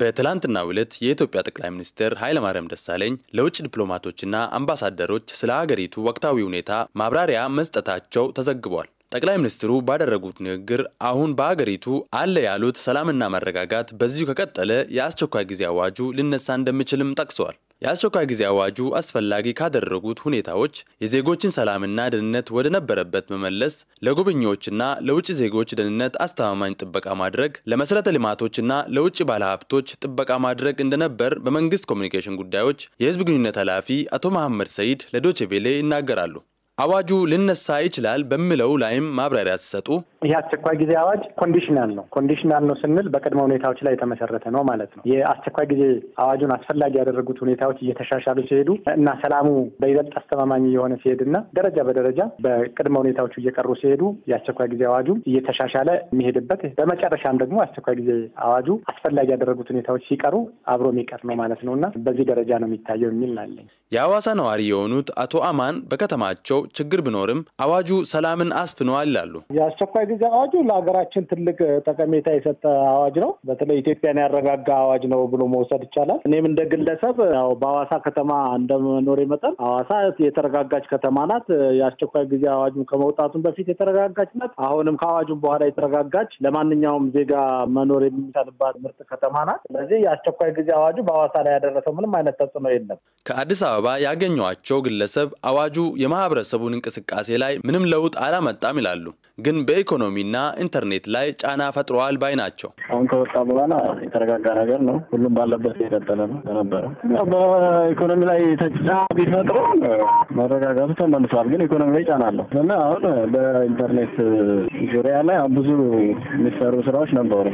በትላንትና ዕለት የኢትዮጵያ ጠቅላይ ሚኒስትር ኃይለማርያም ደሳለኝ ለውጭ ዲፕሎማቶችና አምባሳደሮች ስለ ሀገሪቱ ወቅታዊ ሁኔታ ማብራሪያ መስጠታቸው ተዘግቧል። ጠቅላይ ሚኒስትሩ ባደረጉት ንግግር አሁን በሀገሪቱ አለ ያሉት ሰላምና መረጋጋት በዚሁ ከቀጠለ የአስቸኳይ ጊዜ አዋጁ ሊነሳ እንደሚችልም ጠቅሰዋል። የአስቸኳይ ጊዜ አዋጁ አስፈላጊ ካደረጉት ሁኔታዎች የዜጎችን ሰላምና ደህንነት ወደ ነበረበት መመለስ፣ ለጎብኚዎችና ለውጭ ዜጎች ደህንነት አስተማማኝ ጥበቃ ማድረግ፣ ለመሰረተ ልማቶችና ለውጭ ባለሀብቶች ጥበቃ ማድረግ እንደነበር በመንግስት ኮሚኒኬሽን ጉዳዮች የህዝብ ግንኙነት ኃላፊ አቶ መሐመድ ሰይድ ለዶቼ ቬሌ ይናገራሉ። አዋጁ ልነሳ ይችላል በሚለው ላይም ማብራሪያ ሲሰጡ ይህ አስቸኳይ ጊዜ አዋጅ ኮንዲሽናል ነው። ኮንዲሽናል ነው ስንል በቅድመ ሁኔታዎች ላይ የተመሰረተ ነው ማለት ነው። የአስቸኳይ ጊዜ አዋጁን አስፈላጊ ያደረጉት ሁኔታዎች እየተሻሻሉ ሲሄዱ እና ሰላሙ በይበልጥ አስተማማኝ የሆነ ሲሄድ እና ደረጃ በደረጃ በቅድመ ሁኔታዎቹ እየቀሩ ሲሄዱ የአስቸኳይ ጊዜ አዋጁ እየተሻሻለ የሚሄድበት በመጨረሻም ደግሞ አስቸኳይ ጊዜ አዋጁ አስፈላጊ ያደረጉት ሁኔታዎች ሲቀሩ አብሮ የሚቀር ነው ማለት ነው እና በዚህ ደረጃ ነው የሚታየው የሚል ናለኝ። የአዋሳ ነዋሪ የሆኑት አቶ አማን በከተማቸው ችግር ቢኖርም አዋጁ ሰላምን አስፍነዋል ይላሉ። ጊዜ አዋጁ ለሀገራችን ትልቅ ጠቀሜታ የሰጠ አዋጅ ነው። በተለይ ኢትዮጵያን ያረጋጋ አዋጅ ነው ብሎ መውሰድ ይቻላል። እኔም እንደ ግለሰብ ያው ከተማ እንደመኖሬ መጠን አዋሳ የተረጋጋች ከተማ ናት። የአስቸኳይ ጊዜ አዋጁ ከመውጣቱን በፊት የተረጋጋች ናት። አሁንም ከአዋጁ በኋላ የተረጋጋች ለማንኛውም ዜጋ መኖር የሚቻልባት ምርጥ ከተማ ናት። ስለዚህ የአስቸኳይ ጊዜ አዋጁ በአዋሳ ላይ ያደረሰው ምንም አይነት ተጽዕኖ የለም። ከአዲስ አበባ ያገኘኋቸው ግለሰብ አዋጁ የማህበረሰቡን እንቅስቃሴ ላይ ምንም ለውጥ አላመጣም ይላሉ። ግን በኢኮኖሚ ኢኮኖሚና ኢንተርኔት ላይ ጫና ፈጥረዋል ባይ ናቸው። አሁን ከወጣ በኋላ የተረጋጋ ነገር ነው። ሁሉም ባለበት የቀጠለ ነው ነበረ። በኢኮኖሚ ላይ ተጫ ቢፈጥሩ መረጋጋቱ ተመልሷል፣ ግን ኢኮኖሚ ላይ ጫና አለው እና አሁን በኢንተርኔት ዙሪያ ላይ ብዙ የሚሰሩ ስራዎች ነበሩ።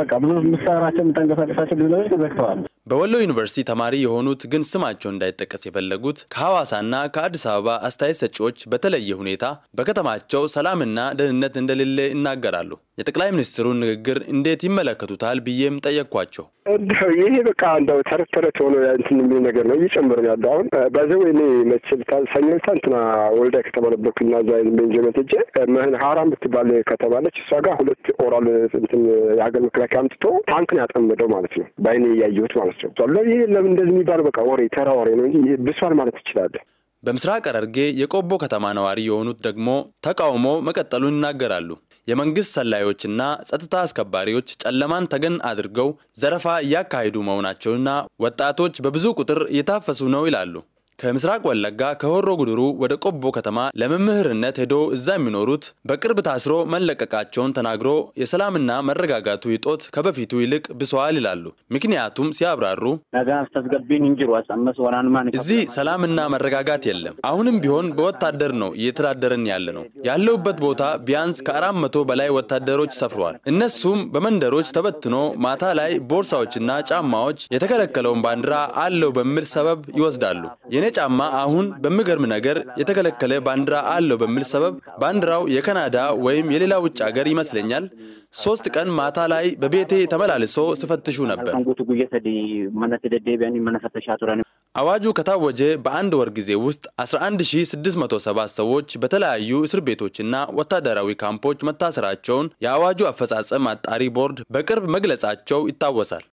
በቃ ብዙ የምሰራቸው የምጠንቀሳቀሳቸው ብዙ ነገሮች ተዘግተዋል። በወሎ ዩኒቨርሲቲ ተማሪ የሆኑት ግን ስማቸው እንዳይጠቀስ የፈለጉት ከሐዋሳና ከአዲስ አበባ አስተያየት ሰጪዎች በተለየ ሁኔታ በከተማቸው ሰላምና ደህንነት እንደሌለ ይናገራሉ። የጠቅላይ ሚኒስትሩን ንግግር እንዴት ይመለከቱታል ብዬም ጠየቅኳቸው። ይሄ በቃ እንደው ተረት ተረት ሆኖ እንትን የሚል ነገር ነው እየጨመረ ያለ አሁን በዚው እኔ መችል ሰኞ እንትና ወልዳ ከተማ ነበርኩና እዛ ቤንጀመት እጀ ምህን ሀራ የምትባል ከተማለች። እሷ ጋር ሁለት ኦራል እንትን የሀገር መከላከያ አምጥቶ ታንክ ነው ያጠመደው ማለት ነው። በአይኔ እያየሁት ማለት ነው። ይሄ ለምን እንደዚህ የሚባል በቃ ወሬ ተራ ወሬ ነው እንጂ ብሷል ማለት ይችላለን። በምስራቅ ሐረርጌ የቆቦ ከተማ ነዋሪ የሆኑት ደግሞ ተቃውሞ መቀጠሉን ይናገራሉ። የመንግስት ሰላዮችና ጸጥታ አስከባሪዎች ጨለማን ተገን አድርገው ዘረፋ እያካሄዱ መሆናቸውና ወጣቶች በብዙ ቁጥር እየታፈሱ ነው ይላሉ። ከምስራቅ ወለጋ ከሆሮ ጉድሩ ወደ ቆቦ ከተማ ለመምህርነት ሄዶ እዛ የሚኖሩት በቅርብ ታስሮ መለቀቃቸውን ተናግሮ የሰላምና መረጋጋቱ ይጦት ከበፊቱ ይልቅ ብሰዋል ይላሉ። ምክንያቱም ሲያብራሩ እዚህ ሰላምና መረጋጋት የለም። አሁንም ቢሆን በወታደር ነው እየተዳደረን ያለ ነው። ያለውበት ቦታ ቢያንስ ከአራት መቶ በላይ ወታደሮች ሰፍረዋል። እነሱም በመንደሮች ተበትኖ ማታ ላይ ቦርሳዎችና ጫማዎች የተከለከለውን ባንዲራ አለው በሚል ሰበብ ይወስዳሉ። የኔ ጫማ አሁን በሚገርም ነገር የተከለከለ ባንዲራ አለው በሚል ሰበብ ባንዲራው የካናዳ ወይም የሌላ ውጭ ሀገር ይመስለኛል። ሶስት ቀን ማታ ላይ በቤቴ ተመላልሶ ሲፈትሹ ነበር። አዋጁ ከታወጀ በአንድ ወር ጊዜ ውስጥ 11670 ሰዎች በተለያዩ እስር ቤቶችና ወታደራዊ ካምፖች መታሰራቸውን የአዋጁ አፈጻጸም አጣሪ ቦርድ በቅርብ መግለጻቸው ይታወሳል።